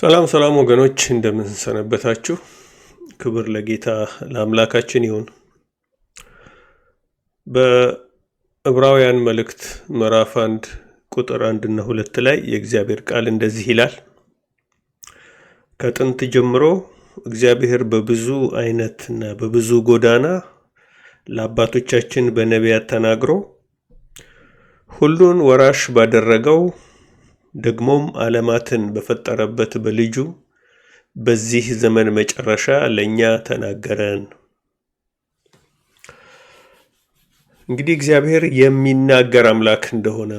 ሰላም ሰላም ወገኖች እንደምንሰነበታችሁ። ክብር ለጌታ ለአምላካችን ይሁን። በዕብራውያን መልእክት ምዕራፍ አንድ ቁጥር አንድ እና ሁለት ላይ የእግዚአብሔር ቃል እንደዚህ ይላል፣ ከጥንት ጀምሮ እግዚአብሔር በብዙ አይነት ና በብዙ ጎዳና ለአባቶቻችን በነቢያት ተናግሮ ሁሉን ወራሽ ባደረገው ደግሞም ዓለማትን በፈጠረበት በልጁ በዚህ ዘመን መጨረሻ ለእኛ ተናገረን። እንግዲህ እግዚአብሔር የሚናገር አምላክ እንደሆነ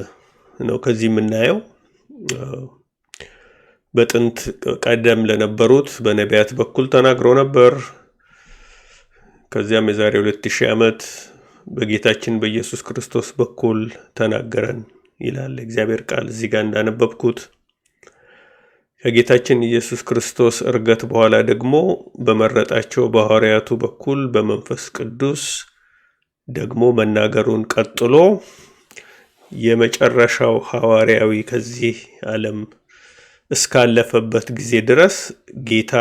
ነው ከዚህ የምናየው። በጥንት ቀደም ለነበሩት በነቢያት በኩል ተናግሮ ነበር። ከዚያም የዛሬ ሁለት ሺህ ዓመት በጌታችን በኢየሱስ ክርስቶስ በኩል ተናገረን። ይላል እግዚአብሔር ቃል እዚህ ጋር እንዳነበብኩት። ከጌታችን ኢየሱስ ክርስቶስ እርገት በኋላ ደግሞ በመረጣቸው በሐዋርያቱ በኩል በመንፈስ ቅዱስ ደግሞ መናገሩን ቀጥሎ የመጨረሻው ሐዋርያዊ ከዚህ ዓለም እስካለፈበት ጊዜ ድረስ ጌታ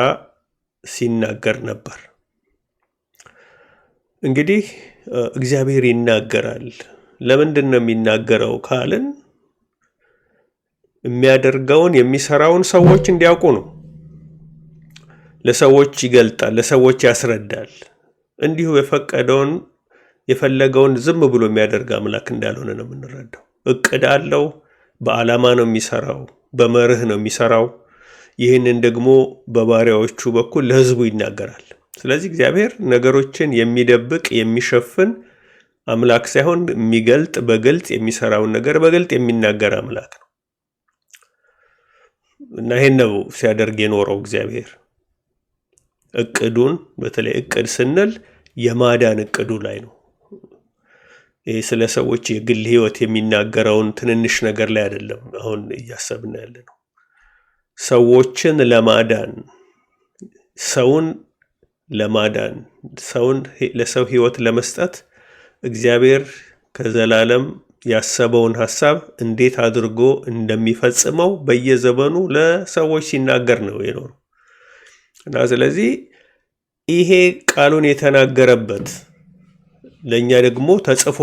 ሲናገር ነበር። እንግዲህ እግዚአብሔር ይናገራል። ለምንድን ነው የሚናገረው ካልን የሚያደርገውን የሚሰራውን ሰዎች እንዲያውቁ ነው። ለሰዎች ይገልጣል፣ ለሰዎች ያስረዳል። እንዲሁ የፈቀደውን የፈለገውን ዝም ብሎ የሚያደርግ አምላክ እንዳልሆነ ነው የምንረዳው። እቅድ አለው። በዓላማ ነው የሚሰራው፣ በመርህ ነው የሚሰራው። ይህንን ደግሞ በባሪያዎቹ በኩል ለሕዝቡ ይናገራል። ስለዚህ እግዚአብሔር ነገሮችን የሚደብቅ የሚሸፍን አምላክ ሳይሆን የሚገልጥ በግልጽ የሚሰራውን ነገር በግልጽ የሚናገር አምላክ ነው እና ይሄን ነው ሲያደርግ የኖረው እግዚአብሔር። እቅዱን በተለይ እቅድ ስንል የማዳን እቅዱ ላይ ነው። ይህ ስለ ሰዎች የግል ህይወት የሚናገረውን ትንንሽ ነገር ላይ አይደለም አሁን እያሰብና ያለ ነው። ሰዎችን ለማዳን ሰውን ለማዳን ሰውን ለሰው ህይወት ለመስጠት እግዚአብሔር ከዘላለም ያሰበውን ሀሳብ እንዴት አድርጎ እንደሚፈጽመው በየዘመኑ ለሰዎች ሲናገር ነው የኖረው እና ስለዚህ ይሄ ቃሉን የተናገረበት ለእኛ ደግሞ ተጽፎ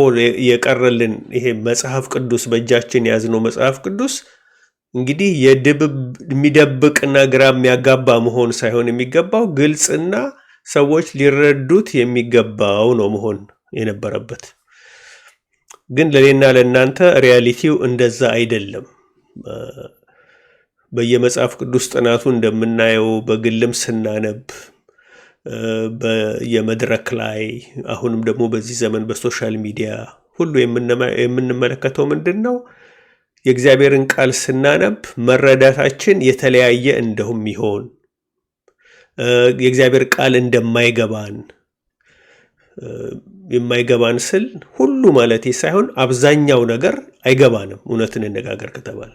የቀረልን ይሄ መጽሐፍ ቅዱስ በእጃችን የያዝነው መጽሐፍ ቅዱስ እንግዲህ የድብብ የሚደብቅና ግራ የሚያጋባ መሆን ሳይሆን የሚገባው ግልጽና ሰዎች ሊረዱት የሚገባው ነው መሆን የነበረበት። ግን ለእኔና ለእናንተ ሪያሊቲው እንደዛ አይደለም። በየመጽሐፍ ቅዱስ ጥናቱ እንደምናየው በግልም ስናነብ በየመድረክ ላይ አሁንም ደግሞ በዚህ ዘመን በሶሻል ሚዲያ ሁሉ የምንመለከተው ምንድን ነው? የእግዚአብሔርን ቃል ስናነብ መረዳታችን የተለያየ እንደሁም ይሆን የእግዚአብሔር ቃል እንደማይገባን የማይገባን ስል ሁሉ ማለቴ ሳይሆን አብዛኛው ነገር አይገባንም። እውነትን እነጋገር ከተባል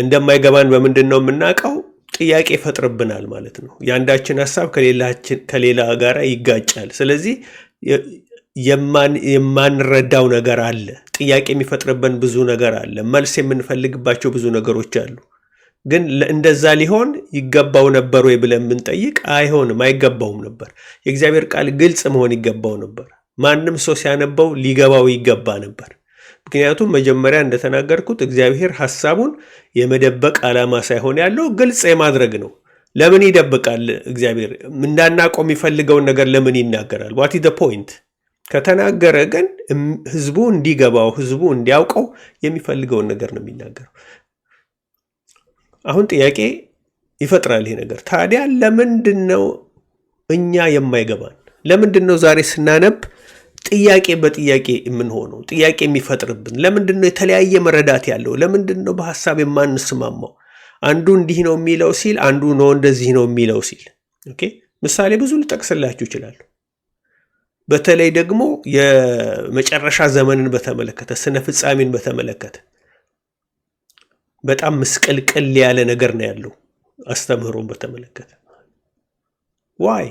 እንደማይገባን በምንድን ነው የምናውቀው? ጥያቄ ይፈጥርብናል ማለት ነው። የአንዳችን ሀሳብ ከሌላ ጋር ይጋጫል። ስለዚህ የማንረዳው ነገር አለ። ጥያቄ የሚፈጥርብን ብዙ ነገር አለ። መልስ የምንፈልግባቸው ብዙ ነገሮች አሉ። ግን እንደዛ ሊሆን ይገባው ነበር ወይ ብለን ብንጠይቅ አይሆንም፣ አይገባውም ነበር። የእግዚአብሔር ቃል ግልጽ መሆን ይገባው ነበር። ማንም ሰው ሲያነበው ሊገባው ይገባ ነበር። ምክንያቱም መጀመሪያ እንደተናገርኩት እግዚአብሔር ሐሳቡን የመደበቅ ዓላማ ሳይሆን ያለው ግልጽ የማድረግ ነው። ለምን ይደብቃል? እግዚአብሔር እንዳናቆም የሚፈልገውን ነገር ለምን ይናገራል? ዋት ደ ፖይንት ከተናገረ ግን ህዝቡ እንዲገባው ህዝቡ እንዲያውቀው የሚፈልገውን ነገር ነው የሚናገረው። አሁን ጥያቄ ይፈጥራል ይሄ ነገር። ታዲያ ለምንድን ነው እኛ የማይገባን? ለምንድን ነው ዛሬ ስናነብ ጥያቄ በጥያቄ የምንሆነው? ጥያቄ የሚፈጥርብን ለምንድን ነው? የተለያየ መረዳት ያለው ለምንድን ነው? በሀሳብ የማንስማማው አንዱ እንዲህ ነው የሚለው ሲል አንዱ ነው እንደዚህ ነው የሚለው ሲል። ምሳሌ ብዙ ልጠቅስላችሁ ይችላሉ። በተለይ ደግሞ የመጨረሻ ዘመንን በተመለከተ ስነ ፍጻሜን በተመለከተ በጣም ምስቅልቅል ያለ ነገር ነው ያለው አስተምህሮን በተመለከተ ዋይ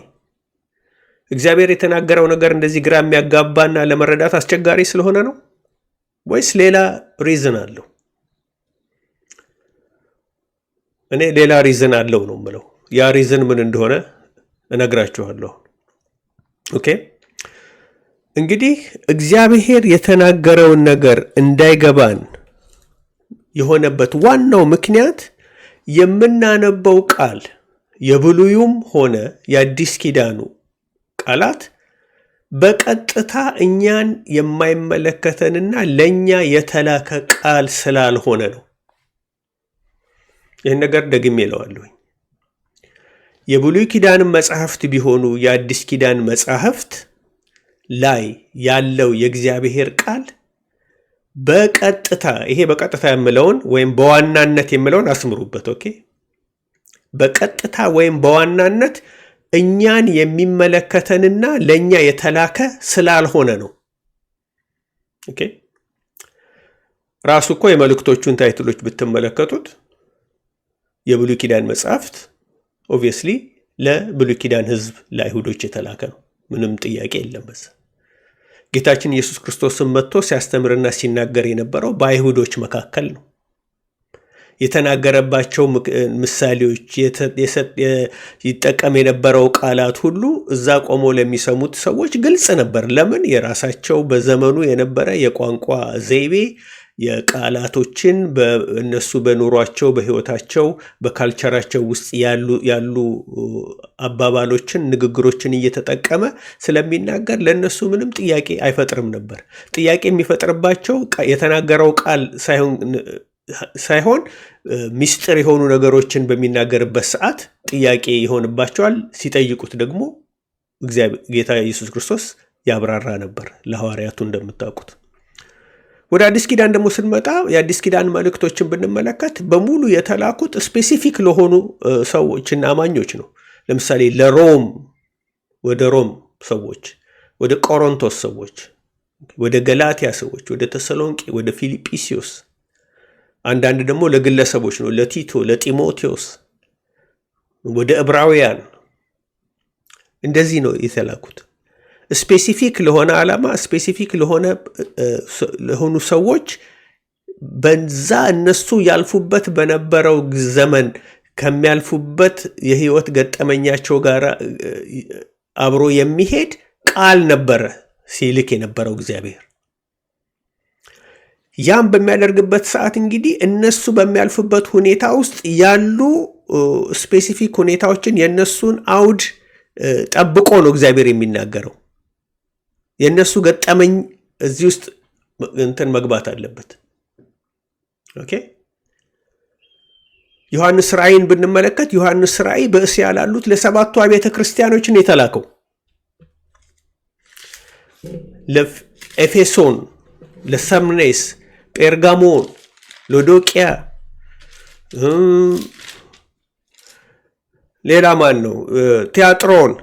እግዚአብሔር የተናገረው ነገር እንደዚህ ግራ የሚያጋባና ለመረዳት አስቸጋሪ ስለሆነ ነው ወይስ ሌላ ሪዝን አለው? እኔ ሌላ ሪዝን አለው ነው ምለው ያ ሪዝን ምን እንደሆነ እነግራችኋለሁ። ኦኬ እንግዲህ እግዚአብሔር የተናገረውን ነገር እንዳይገባን የሆነበት ዋናው ምክንያት የምናነበው ቃል የብሉዩም ሆነ የአዲስ ኪዳኑ ቃላት በቀጥታ እኛን የማይመለከተንና ለእኛ የተላከ ቃል ስላልሆነ ነው። ይህን ነገር ደግሜ እለዋለሁኝ። የብሉይ ኪዳን መጽሐፍት ቢሆኑ የአዲስ ኪዳን መጽሐፍት ላይ ያለው የእግዚአብሔር ቃል በቀጥታ ይሄ በቀጥታ የምለውን ወይም በዋናነት የምለውን አስምሩበት። ኦኬ በቀጥታ ወይም በዋናነት እኛን የሚመለከተንና ለእኛ የተላከ ስላልሆነ ነው። ኦኬ ራሱ እኮ የመልእክቶቹን ታይትሎች ብትመለከቱት የብሉይ ኪዳን መጽሐፍት ኦብቪየስሊ ለብሉይ ኪዳን ህዝብ ለአይሁዶች የተላከ ነው። ምንም ጥያቄ የለም በዛ ጌታችን ኢየሱስ ክርስቶስን መጥቶ ሲያስተምርና ሲናገር የነበረው በአይሁዶች መካከል ነው። የተናገረባቸው ምሳሌዎች፣ ይጠቀም የነበረው ቃላት ሁሉ እዛ ቆሞ ለሚሰሙት ሰዎች ግልጽ ነበር። ለምን? የራሳቸው በዘመኑ የነበረ የቋንቋ ዘይቤ የቃላቶችን እነሱ በኑሯቸው በህይወታቸው በካልቸራቸው ውስጥ ያሉ አባባሎችን ንግግሮችን እየተጠቀመ ስለሚናገር ለእነሱ ምንም ጥያቄ አይፈጥርም ነበር። ጥያቄ የሚፈጥርባቸው የተናገረው ቃል ሳይሆን ሚስጥር የሆኑ ነገሮችን በሚናገርበት ሰዓት ጥያቄ ይሆንባቸዋል። ሲጠይቁት ደግሞ ጌታ ኢየሱስ ክርስቶስ ያብራራ ነበር ለሐዋርያቱ እንደምታውቁት ወደ አዲስ ኪዳን ደግሞ ስንመጣ የአዲስ ኪዳን መልእክቶችን ብንመለከት በሙሉ የተላኩት ስፔሲፊክ ለሆኑ ሰዎችና አማኞች ነው። ለምሳሌ ለሮም ወደ ሮም ሰዎች፣ ወደ ቆሮንቶስ ሰዎች፣ ወደ ገላትያ ሰዎች፣ ወደ ተሰሎንቄ፣ ወደ ፊልጵስዩስ አንዳንድ ደግሞ ለግለሰቦች ነው። ለቲቶ፣ ለጢሞቴዎስ፣ ወደ ዕብራውያን እንደዚህ ነው የተላኩት። ስፔሲፊክ ለሆነ ዓላማ ስፔሲፊክ ለሆኑ ሰዎች በዛ እነሱ ያልፉበት በነበረው ዘመን ከሚያልፉበት የህይወት ገጠመኛቸው ጋር አብሮ የሚሄድ ቃል ነበረ ሲልክ የነበረው እግዚአብሔር። ያም በሚያደርግበት ሰዓት እንግዲህ እነሱ በሚያልፉበት ሁኔታ ውስጥ ያሉ ስፔሲፊክ ሁኔታዎችን የእነሱን አውድ ጠብቆ ነው እግዚአብሔር የሚናገረው። የእነሱ ገጠመኝ እዚህ ውስጥ እንትን መግባት አለበት። ኦኬ ዮሐንስ ራእይን ብንመለከት ዮሐንስ ራእይ በእስያ ላሉት ለሰባቱ አብያተ ክርስቲያኖችን የተላከው ለኤፌሶን፣ ለሰምኔስ፣ ጴርጋሞን፣ ሎዶቅያ ሌላ ማን ነው? ቲያጥሮን፣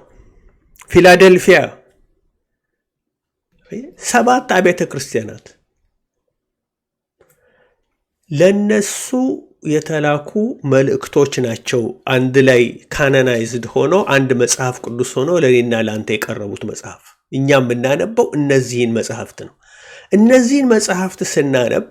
ፊላደልፊያ ሰባት አብያተ ክርስቲያናት ለነሱ የተላኩ መልእክቶች ናቸው። አንድ ላይ ካናናይዝድ ሆኖ አንድ መጽሐፍ ቅዱስ ሆኖ ለእኔና ለአንተ የቀረቡት መጽሐፍ እኛ የምናነበው እነዚህን መጽሐፍት ነው። እነዚህን መጽሐፍት ስናነብ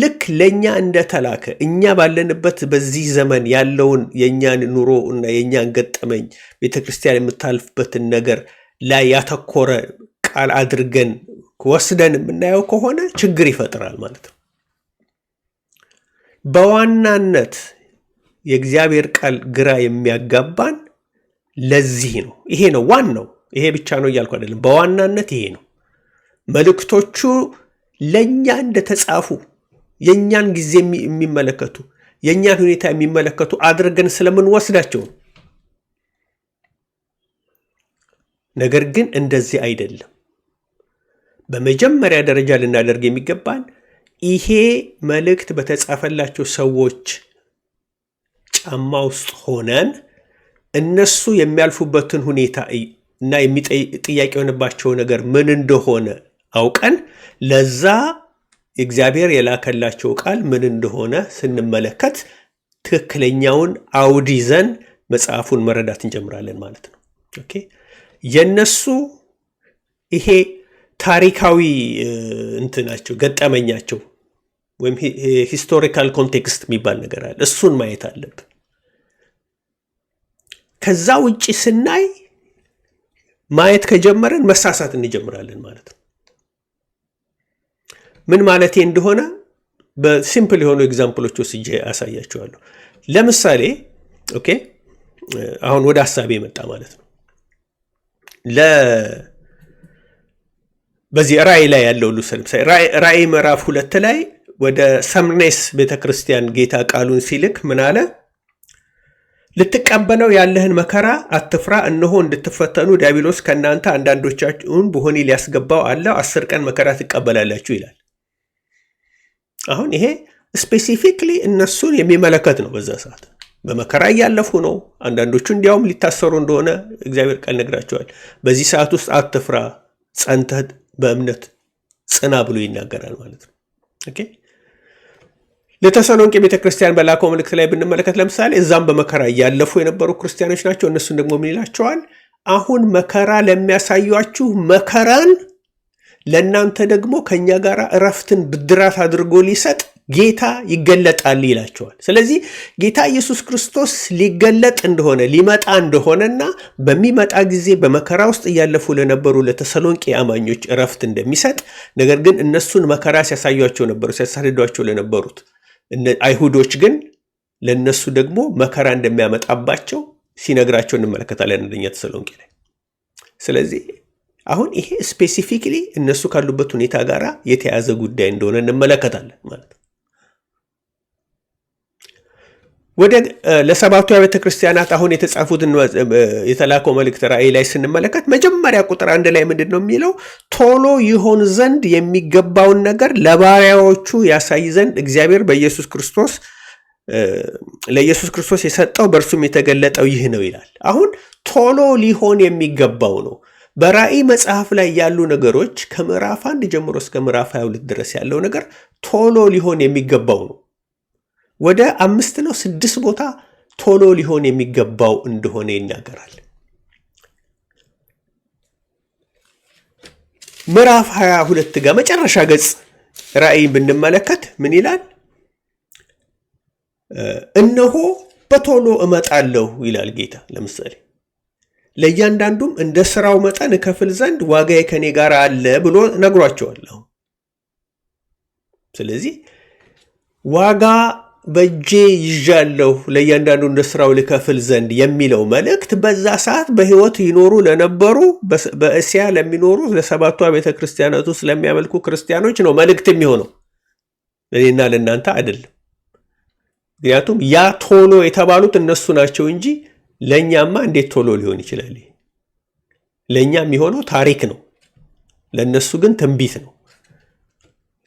ልክ ለእኛ እንደተላከ እኛ ባለንበት በዚህ ዘመን ያለውን የእኛን ኑሮ እና የእኛን ገጠመኝ ቤተ ክርስቲያን የምታልፍበትን ነገር ላይ ያተኮረ ቃል አድርገን ወስደን የምናየው ከሆነ ችግር ይፈጥራል ማለት ነው። በዋናነት የእግዚአብሔር ቃል ግራ የሚያጋባን ለዚህ ነው። ይሄ ነው ዋናው። ይሄ ብቻ ነው እያልኩ አይደለም። በዋናነት ይሄ ነው። መልእክቶቹ ለእኛ እንደተጻፉ የእኛን ጊዜ የሚመለከቱ የእኛን ሁኔታ የሚመለከቱ አድርገን ስለምንወስዳቸው ነው። ነገር ግን እንደዚህ አይደለም። በመጀመሪያ ደረጃ ልናደርግ የሚገባን ይሄ መልእክት በተጻፈላቸው ሰዎች ጫማ ውስጥ ሆነን እነሱ የሚያልፉበትን ሁኔታ እና ጥያቄ የሆነባቸው ነገር ምን እንደሆነ አውቀን ለዛ እግዚአብሔር የላከላቸው ቃል ምን እንደሆነ ስንመለከት ትክክለኛውን አውድ ይዘን መጽሐፉን መረዳት እንጀምራለን ማለት ነው። የነሱ ይሄ ታሪካዊ እንትናቸው ገጠመኛቸው ወይም ሂስቶሪካል ኮንቴክስት የሚባል ነገር አለ። እሱን ማየት አለብን። ከዛ ውጭ ስናይ ማየት ከጀመረን መሳሳት እንጀምራለን ማለት ነው። ምን ማለቴ እንደሆነ በሲምፕል የሆኑ ኤግዛምፕሎች ወስጄ አሳያችኋለሁ። ለምሳሌ ኦኬ፣ አሁን ወደ ሀሳቤ መጣ ማለት ነው። በዚህ ራእይ ላይ ያለው ልውሰድ። ራእይ ምዕራፍ ሁለት ላይ ወደ ሰምኔስ ቤተክርስቲያን ጌታ ቃሉን ሲልክ ምን አለ? ልትቀበለው ያለህን መከራ አትፍራ፣ እነሆ እንድትፈተኑ ዲያብሎስ ከእናንተ አንዳንዶቻችሁን በሆኒ ሊያስገባው አለው፣ አስር ቀን መከራ ትቀበላላችሁ ይላል። አሁን ይሄ ስፔሲፊክሊ እነሱን የሚመለከት ነው። በዛ ሰዓት በመከራ እያለፉ ነው። አንዳንዶቹ እንዲያውም ሊታሰሩ እንደሆነ እግዚአብሔር ቃል ነግራቸዋል። በዚህ ሰዓት ውስጥ አትፍራ፣ ጸንተት በእምነት ጽና ብሎ ይናገራል ማለት ነው። ለተሰሎንቄ ቤተ ክርስቲያን በላከው መልእክት ላይ ብንመለከት ለምሳሌ እዛም በመከራ እያለፉ የነበሩ ክርስቲያኖች ናቸው። እነሱን ደግሞ ምን ይላቸዋል? አሁን መከራ ለሚያሳዩችሁ መከራን ለእናንተ ደግሞ ከእኛ ጋር እረፍትን ብድራት አድርጎ ሊሰጥ ጌታ ይገለጣል ይላቸዋል። ስለዚህ ጌታ ኢየሱስ ክርስቶስ ሊገለጥ እንደሆነ ሊመጣ እንደሆነና በሚመጣ ጊዜ በመከራ ውስጥ እያለፉ ለነበሩ ለተሰሎንቄ አማኞች እረፍት እንደሚሰጥ ነገር ግን እነሱን መከራ ሲያሳዩቸው ነበሩ፣ ሲያሳድዷቸው ለነበሩት አይሁዶች ግን ለእነሱ ደግሞ መከራ እንደሚያመጣባቸው ሲነግራቸው እንመለከታለን አንደኛ ተሰሎንቄ ላይ። ስለዚህ አሁን ይሄ ስፔሲፊክሊ እነሱ ካሉበት ሁኔታ ጋር የተያዘ ጉዳይ እንደሆነ እንመለከታለን ማለት ነው። ወደ ለሰባቱ ቤተ ክርስቲያናት አሁን የተጻፉትን የተላከው መልእክት ራእይ ላይ ስንመለከት መጀመሪያ ቁጥር አንድ ላይ ምንድን ነው የሚለው? ቶሎ ይሆን ዘንድ የሚገባውን ነገር ለባሪያዎቹ ያሳይ ዘንድ እግዚአብሔር በኢየሱስ ክርስቶስ ለኢየሱስ ክርስቶስ የሰጠው በእርሱም የተገለጠው ይህ ነው ይላል። አሁን ቶሎ ሊሆን የሚገባው ነው። በራእይ መጽሐፍ ላይ ያሉ ነገሮች ከምዕራፍ አንድ ጀምሮ እስከ ምዕራፍ 22 ድረስ ያለው ነገር ቶሎ ሊሆን የሚገባው ነው። ወደ አምስት ነው ስድስት ቦታ ቶሎ ሊሆን የሚገባው እንደሆነ ይናገራል። ምዕራፍ 22 ጋር መጨረሻ ገጽ ራእይ ብንመለከት ምን ይላል? እነሆ በቶሎ እመጣለሁ ይላል ጌታ። ለምሳሌ ለእያንዳንዱም እንደ ስራው መጠን እከፍል ዘንድ ዋጋዬ ከኔ ጋር አለ ብሎ ነግሯቸዋለሁ። ስለዚህ ዋጋ በእጄ ይዣለሁ ለእያንዳንዱ እንደ ስራው ልከፍል ዘንድ የሚለው መልእክት በዛ ሰዓት በህይወት ይኖሩ ለነበሩ በእስያ ለሚኖሩ ለሰባቷ ቤተ ክርስቲያናት ውስጥ ለሚያመልኩ ክርስቲያኖች ነው መልእክት የሚሆነው፣ እኔና ለእናንተ አይደለም። ምክንያቱም ያ ቶሎ የተባሉት እነሱ ናቸው እንጂ ለእኛማ እንዴት ቶሎ ሊሆን ይችላል? ለእኛ የሚሆነው ታሪክ ነው፣ ለእነሱ ግን ትንቢት ነው።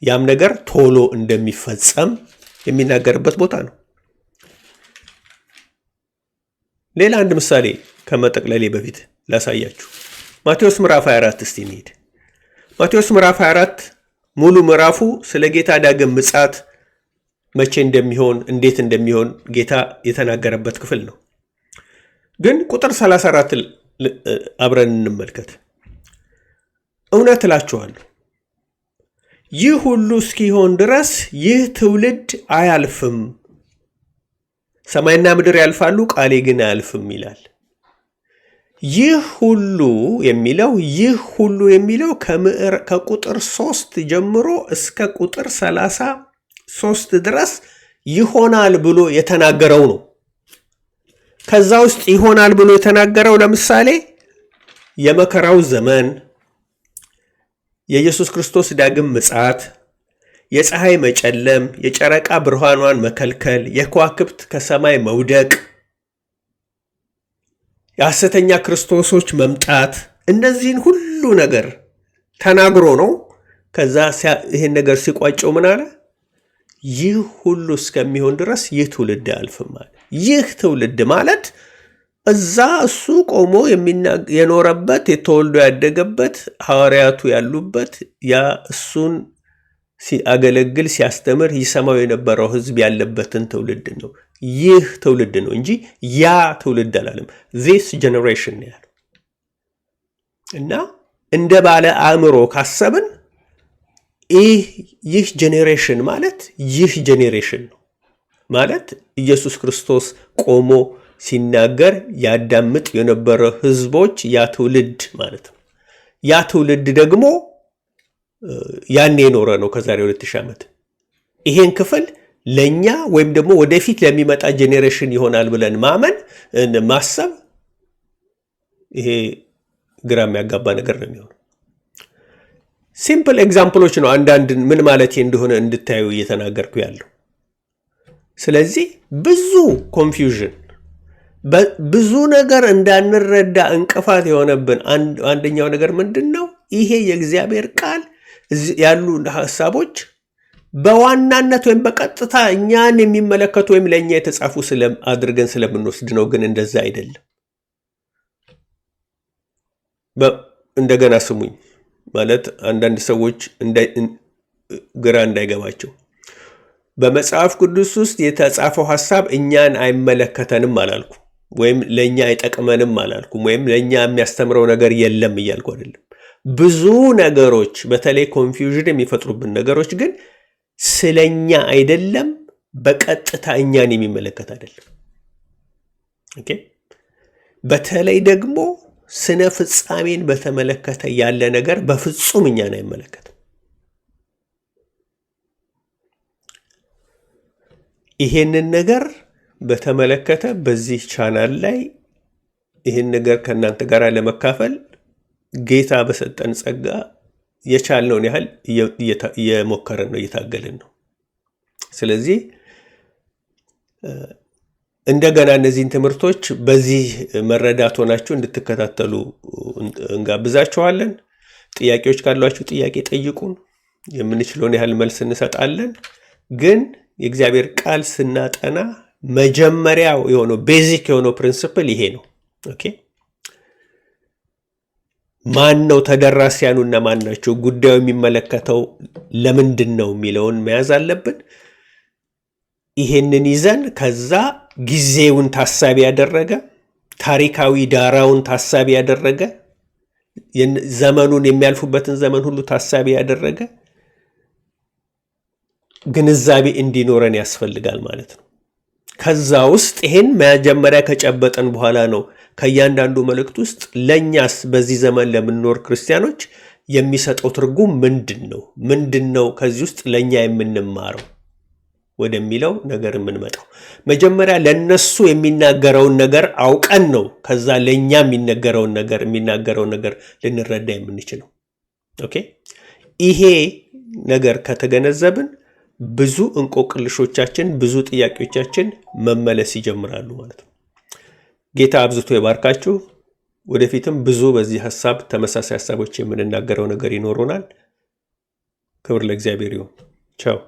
ያም ነገር ቶሎ እንደሚፈጸም የሚናገርበት ቦታ ነው። ሌላ አንድ ምሳሌ ከመጠቅለሌ በፊት ላሳያችሁ። ማቴዎስ ምዕራፍ 24 እስቲ እንሂድ። ማቴዎስ ምዕራፍ 24 ሙሉ ምዕራፉ ስለ ጌታ ዳግም ምጻት መቼ እንደሚሆን እንዴት እንደሚሆን ጌታ የተናገረበት ክፍል ነው። ግን ቁጥር 34 አብረን እንመልከት። እውነት እላችኋለሁ ይህ ሁሉ እስኪሆን ድረስ ይህ ትውልድ አያልፍም። ሰማይና ምድር ያልፋሉ፣ ቃሌ ግን አያልፍም ይላል። ይህ ሁሉ የሚለው ይህ ሁሉ የሚለው ከቁጥር ሶስት ጀምሮ እስከ ቁጥር ሰላሳ ሶስት ድረስ ይሆናል ብሎ የተናገረው ነው። ከዛ ውስጥ ይሆናል ብሎ የተናገረው ለምሳሌ የመከራው ዘመን የኢየሱስ ክርስቶስ ዳግም ምጽአት፣ የፀሐይ መጨለም፣ የጨረቃ ብርሃኗን መከልከል፣ የከዋክብት ከሰማይ መውደቅ፣ የሐሰተኛ ክርስቶሶች መምጣት፣ እነዚህን ሁሉ ነገር ተናግሮ ነው። ከዛ ይህን ነገር ሲቋጨው ምን አለ? ይህ ሁሉ እስከሚሆን ድረስ ይህ ትውልድ አልፍም አለ። ይህ ትውልድ ማለት እዛ እሱ ቆሞ የኖረበት የተወልዶ ያደገበት ሐዋርያቱ ያሉበት ያ እሱን ሲያገለግል ሲያስተምር ይሰማው የነበረው ህዝብ ያለበትን ትውልድ ነው። ይህ ትውልድ ነው እንጂ ያ ትውልድ አላለም። ዚስ ጀኔሬሽን ነው ያለው። እና እንደ ባለ አእምሮ ካሰብን ይህ ጄኔሬሽን ማለት ይህ ጄኔሬሽን ነው ማለት ኢየሱስ ክርስቶስ ቆሞ ሲናገር ያዳምጥ የነበረ ህዝቦች ያ ትውልድ ማለት ነው። ያ ትውልድ ደግሞ ያኔ የኖረ ነው ከዛሬ 20 ዓመት። ይሄን ክፍል ለእኛ ወይም ደግሞ ወደፊት ለሚመጣ ጄኔሬሽን ይሆናል ብለን ማመን ማሰብ ይሄ ግራ የሚያጋባ ነገር ነው የሚሆነው። ሲምፕል ኤግዛምፕሎች ነው አንዳንድ ምን ማለት እንደሆነ እንድታዩ እየተናገርኩ ያለው። ስለዚህ ብዙ ኮንፊውዥን ብዙ ነገር እንዳንረዳ እንቅፋት የሆነብን አንደኛው ነገር ምንድን ነው? ይሄ የእግዚአብሔር ቃል ያሉ ሀሳቦች በዋናነት ወይም በቀጥታ እኛን የሚመለከቱ ወይም ለእኛ የተጻፉ አድርገን ስለምንወስድ ነው። ግን እንደዛ አይደለም። እንደገና ስሙኝ ማለት አንዳንድ ሰዎች ግራ እንዳይገባቸው በመጽሐፍ ቅዱስ ውስጥ የተጻፈው ሀሳብ እኛን አይመለከተንም አላልኩ። ወይም ለእኛ አይጠቅመንም አላልኩም፣ ወይም ለእኛ የሚያስተምረው ነገር የለም እያልኩ አይደለም። ብዙ ነገሮች በተለይ ኮንፊውዥን የሚፈጥሩብን ነገሮች ግን ስለኛ አይደለም፣ በቀጥታ እኛን የሚመለከት አይደለም። በተለይ ደግሞ ስነ ፍጻሜን በተመለከተ ያለ ነገር በፍጹም እኛን አይመለከትም። ይሄንን ነገር በተመለከተ በዚህ ቻናል ላይ ይህን ነገር ከእናንተ ጋር ለመካፈል ጌታ በሰጠን ጸጋ የቻልነውን ያህል እየሞከረን ነው፣ እየታገልን ነው። ስለዚህ እንደገና እነዚህን ትምህርቶች በዚህ መረዳት ሆናችሁ እንድትከታተሉ እንጋብዛችኋለን። ጥያቄዎች ካሏችሁ ጥያቄ ጠይቁን፣ የምንችለውን ያህል መልስ እንሰጣለን። ግን የእግዚአብሔር ቃል ስናጠና መጀመሪያው የሆነው ቤዚክ የሆነው ፕሪንስፕል ይሄ ነው። ኦኬ ማን ነው ተደራሲያኑ እና ማን ናቸው ጉዳዩ የሚመለከተው ለምንድን ነው የሚለውን መያዝ አለብን። ይሄንን ይዘን ከዛ ጊዜውን ታሳቢ ያደረገ ታሪካዊ ዳራውን ታሳቢ ያደረገ ዘመኑን የሚያልፉበትን ዘመን ሁሉ ታሳቢ ያደረገ ግንዛቤ እንዲኖረን ያስፈልጋል ማለት ነው። ከዛ ውስጥ ይሄን መጀመሪያ ከጨበጠን በኋላ ነው ከእያንዳንዱ መልእክት ውስጥ ለእኛስ በዚህ ዘመን ለምንኖር ክርስቲያኖች የሚሰጠው ትርጉም ምንድን ነው? ምንድን ነው ከዚህ ውስጥ ለእኛ የምንማረው ወደሚለው ነገር የምንመጣው መጀመሪያ ለነሱ የሚናገረውን ነገር አውቀን ነው ከዛ ለእኛ የሚነገረውን ነገር የሚናገረውን ነገር ልንረዳ የምንችለው። ኦኬ ይሄ ነገር ከተገነዘብን ብዙ እንቆቅልሾቻችን ብዙ ጥያቄዎቻችን መመለስ ይጀምራሉ ማለት ነው። ጌታ አብዝቶ ይባርካችሁ። ወደፊትም ብዙ በዚህ ሀሳብ ተመሳሳይ ሀሳቦች የምንናገረው ነገር ይኖሩናል። ክብር ለእግዚአብሔር ይሁን። ቻው